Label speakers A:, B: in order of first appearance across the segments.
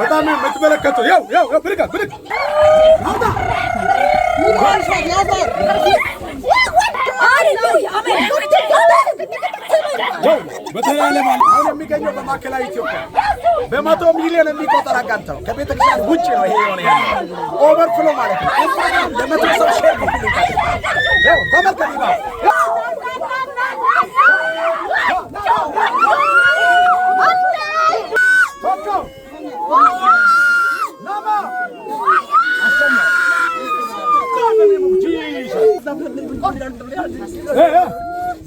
A: በጣም የምትመለከተው ያው ያው ብድግ ብድግ በተለያለም አሁን የሚገኘው በማዕከላዊ ኢትዮጵያ በመቶ ሚሊዮን የሚቆጠር አጋንተው ከቤተ ክርስቲያን ውጭ ነው። ይሄ የሆነ ኦቨርፍሎ ማለት ነው። ለመቶ ሰው ሼር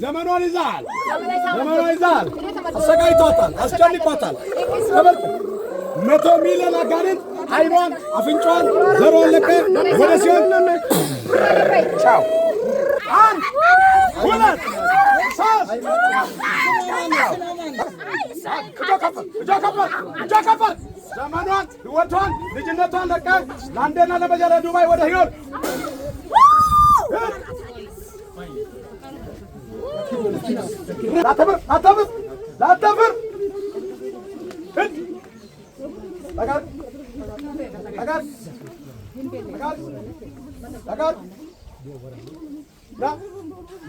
A: ዘመኗን ይዛል፣ ዘመኗን ይዛል። አሰቃይቷታል፣ አስጨንቋታል። መቶ ሚሊዮን አጋንንት አይኗን፣ አፍንጫዋን፣ ዘሯን ለቀ ወደ ሲሆን ቻው። አንድ ሁለት ሶስት ዘመኗን ሕይወቷን ልጅነቷን ለቀ ለአንዴና ለመጀመሪያ ዱባይ ወደ ሕይወት ላታፍር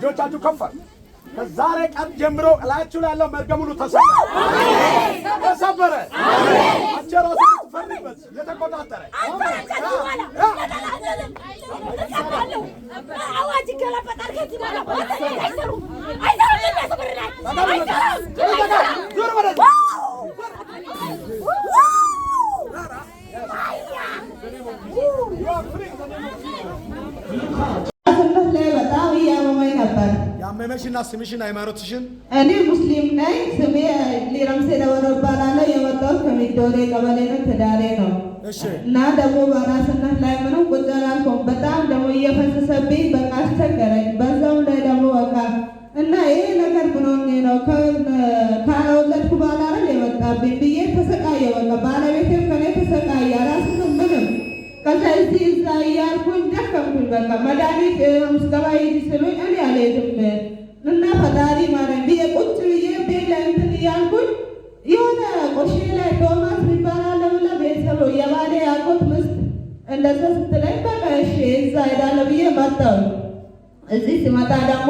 A: እጆቻችሁ ከፋል ከዛሬ ቀን ጀምሮ እላችሁ ላለው መርገም ሁሉ ተሰበረ፣ ተሰበረ። አንቺ ራሱ ልትፈርበት የተቆጣጠረ
B: አዋጅ ይገለበጣል።
A: ስምሽን ሃይማኖትሽን?
C: እኔ ሙስሊም ነኝ። ስሜ ሊረምሴ ደበሮ እባላለሁ። የመጣሁት ከሚዶሬ ቀበሌ ነው። ትዳሬ ነው እና ደግሞ በራስነት ላይ ምንም ቁጭ አላልኩም። በጣም ደግሞ እየፈሰሰብኝ በቃ አስቸገረኝ። በዛውም ላይ ደግሞ በቃ እና ይሄ ነገር ብሎኝ ነው ካለወለድኩ ባላረን የመጣብኝ ብዬ ተሰቃየ። በቃ ባለቤቴም ከኔ ተሰቃየ። ራስ ምንም ከዛ እዛ እያልኩኝ ደከምኩኝ። በቃ መድኃኒት ምስገባ ይዝ ስሉኝ እኔ አልሄድም እና ፈጣሪ ማለት ብዬ ቁጭ ብዬ ቤት ላይ እንትን እያልኩኝ የሆነ ቆሼ ላይ ቶማስ ይባላል ብላ ቤተሰብ የባሌ ያጎት ምስት እንደዛ ስትለኝ በቃ እሺ እዛ እሄዳለሁ ብዬ መጣሁ። እዚህ ሲመጣ ደግሞ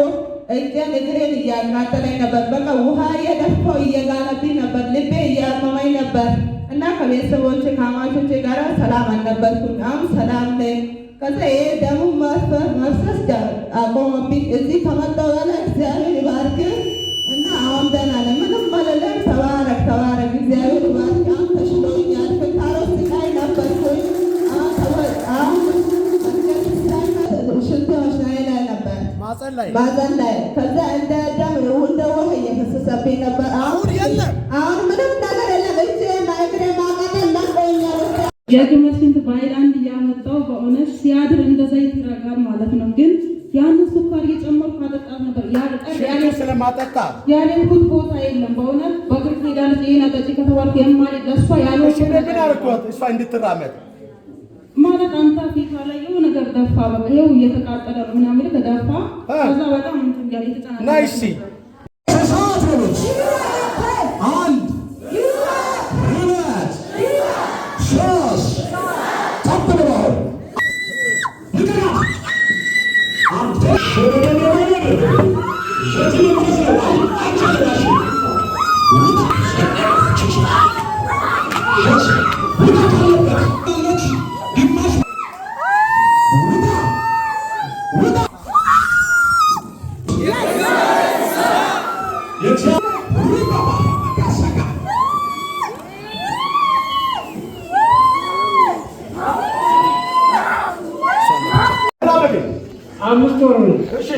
C: እጄን እግሬን እያቃጠለኝ ነበር። በቃ ውሃ እየደፋው እየጋለብኝ ነበር። ልቤ እያመመኝ ነበር እና ከቤተሰቦች ከአማቾቼ ጋር ሰላም አልነበርኩም። አሁን ሰላም ነኝ። ከዛ ይሄ ደግሞ ማስፈር ማፍሰስ አቆመብኝ። እዚህ ከመጣሁ በኋላ እግዚአብሔር ይባርክ እና አሁን ደህና ነኝ፣ ምንም አልልም። ተባረክ ተባረክ፣ እግዚአብሔር ይባርክ። አሁን ተሽሎኛል። ፍንታሮት ስቃይ ነበርኩኝ። ሽንቶች ላይ ላይ ነበር ማፀን ላይ ከዛ እንደ ደም እንደ ውሃ እየፈሰሰብኝ ነበር።
A: አሁን የለም
C: አሁን
D: የግመል ሽንት በሀይላንድ እያመጣው በእውነት ሲያድር እንደ ዘይት ይረጋል ማለት ነው። ግን ያን ስኳር እየጨመርኩ አጠጣ ነበር። ስለማጠጣ ያለኩት ቦታ የለም። በእውነት በግር ሄዳለች። ይህን አጠጪ ከተባልኩ የማል ለሷ
A: ያለሽግን አርኳት እሷ እንድትራመድ
D: ማለት አንተ ፊቷ ላይ የሆነ ነገር ደፋ። በቃ ይኸው እየተቃጠለ ነው ምናምን ተደፋ። ከዛ በጣም እንትን እያለ
A: የተጨናናይሲ አምስት ወር ነው። እሺ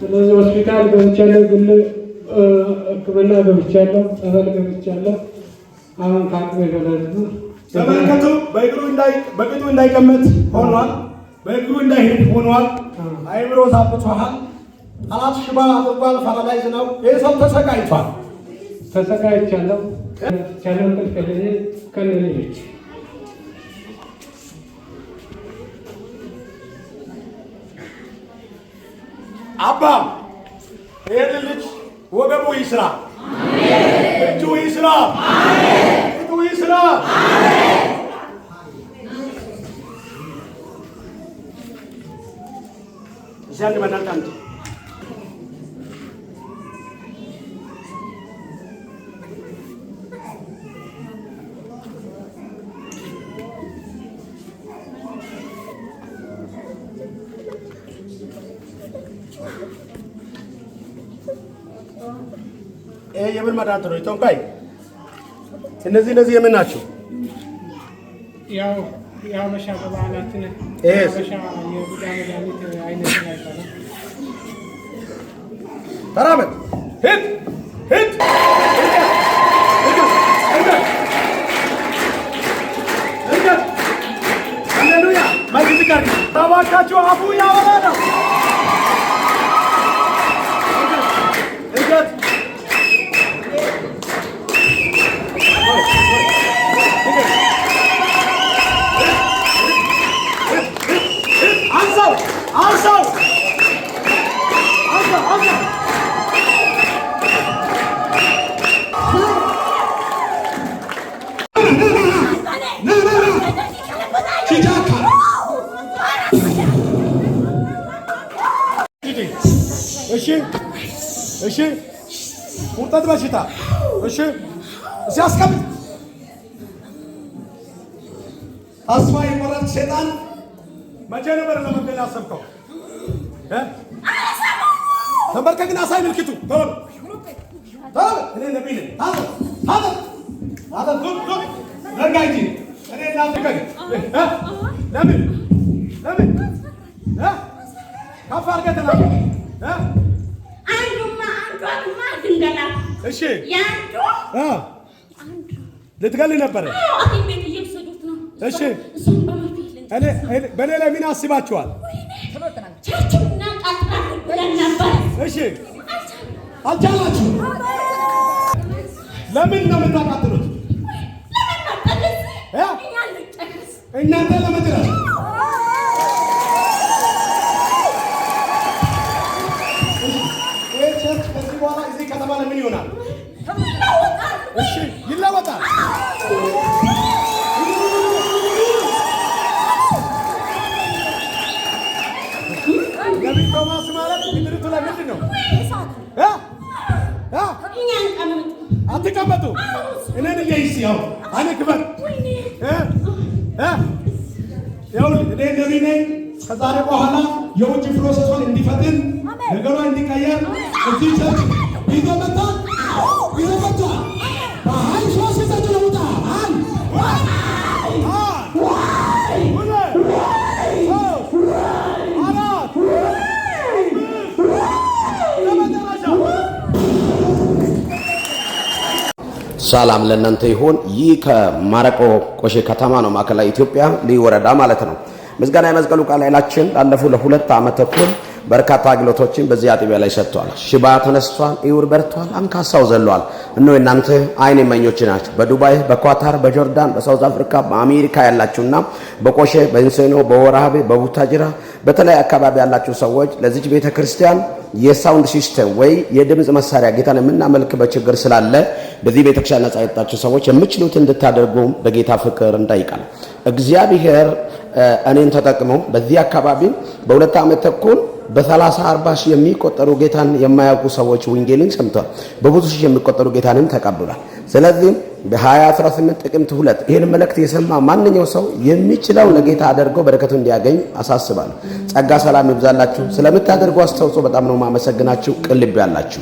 E: ስለዚህ ሆስፒታል ገብቻለሁ ግን ሕክምና ገብቻለሁ፣ ጸበል ገብቻለሁ። አሁን ከአቅሜ በላይ ነው።
A: ተመልከቱ። በእግሩ በቅጡ እንዳይቀመጥ ሆኗል። በእግሩ እንዳይሄድ ሆኗል። አይምሮ ታብቷል። አራት ሽባ አድርጓል። ፓራላይዝ ነው። ይህ ሰው ተሰቃይቷል።
E: ተሰቃይቻለሁ። ቻለው ቅልቅል ከልልች
A: አባ ይሄ ልጅ 我不要不好意思了。你不意思了。你不好意思了。现在你慢慢看去。ይሄ የምን መድኃኒት ነው? የጠንቋይ እነዚህ እነዚህ የምን ናቸው? ያው ተራመድ ሂድ ሂድ ባካችሁ አፉ ያው ቁርጠት በሽታ እሺ፣ ሲያስቀምጥ ተስፋ የቆረጥ ሴጣን መቼ ነበር ለመግደል ያሰብከው? ተንበርከክና አሳይ ምልክቱ እኔ ነቢይ ነኝ። ለምን ለምን ከፍ አድርገህ እሺ ልትገል ነበረ። በሌላ ምን አስባችኋል? እሺ አልቻላችሁ። ለምን ነው የምታቃጥሉት? እናንተ ለመድረስ ካለ ምን ይሆናል? እሺ ይለወጣል። ነቢይ ቶማስ ማለት ላይ ምንድን ነው? አትቀመጡ እኔን እየይስ ያው አኔ ያው እኔ ነኝ። ከዛሬ በኋላ የውጭ ፕሮሰሶን እንዲፈጥን ነገሯ እንዲቀየር እዚህ ቸርች
F: ሰላም ለእናንተ ይሁን። ይህ ከማረቆ ቆሼ ከተማ ነው፣ ማዕከላዊ ኢትዮጵያ ልዩ ወረዳ ማለት ነው። ምስጋና የመስቀሉ ቃል ኃይላችን ላለፉ ለሁለት ዓመት ተኩል በርካታ አግሎቶችን በዚህ አጥቢያ ላይ ሰጥቷል። ሽባ ተነስቷል፣ ይውር በርቷል፣ አንካሳው ዘሏል። እነሆ እናንተ አይን እማኞች ናቸው። በዱባይ በኳታር በጆርዳን በሳውዝ አፍሪካ በአሜሪካ ያላችሁና በቆሼ በእንሴኖ በወራቤ በቡታጅራ በተለይ አካባቢ ያላችሁ ሰዎች ለዚች ቤተ ክርስቲያን የሳውንድ ሲስተም ወይ የድምፅ መሳሪያ ጌታን የምናመልክበት በችግር ስላለ በዚህ ቤተክርስቲያን ነጻ የወጣችሁ ሰዎች የምችሉት እንድታደርጉ በጌታ ፍቅር እንጠይቃለን። እግዚአብሔር እኔን ተጠቅመው በዚህ አካባቢ በሁለት ዓመት ተኩል በሰላሳ አርባ ሺህ የሚቆጠሩ ጌታን የማያውቁ ሰዎች ወንጌልን ሰምተዋል። በብዙ ሺህ የሚቆጠሩ ጌታንም ተቀብሏል። ስለዚህ በ2018 ጥቅምት ሁለት ይህን መልእክት የሰማ ማንኛው ሰው የሚችለው ለጌታ አድርገው በረከቱ እንዲያገኝ አሳስባለሁ። ጸጋ ሰላም ይብዛላችሁ። ስለምታደርጉ አስተዋጽኦ በጣም ነው ማመሰግናችሁ። ቅልብ ያላችሁ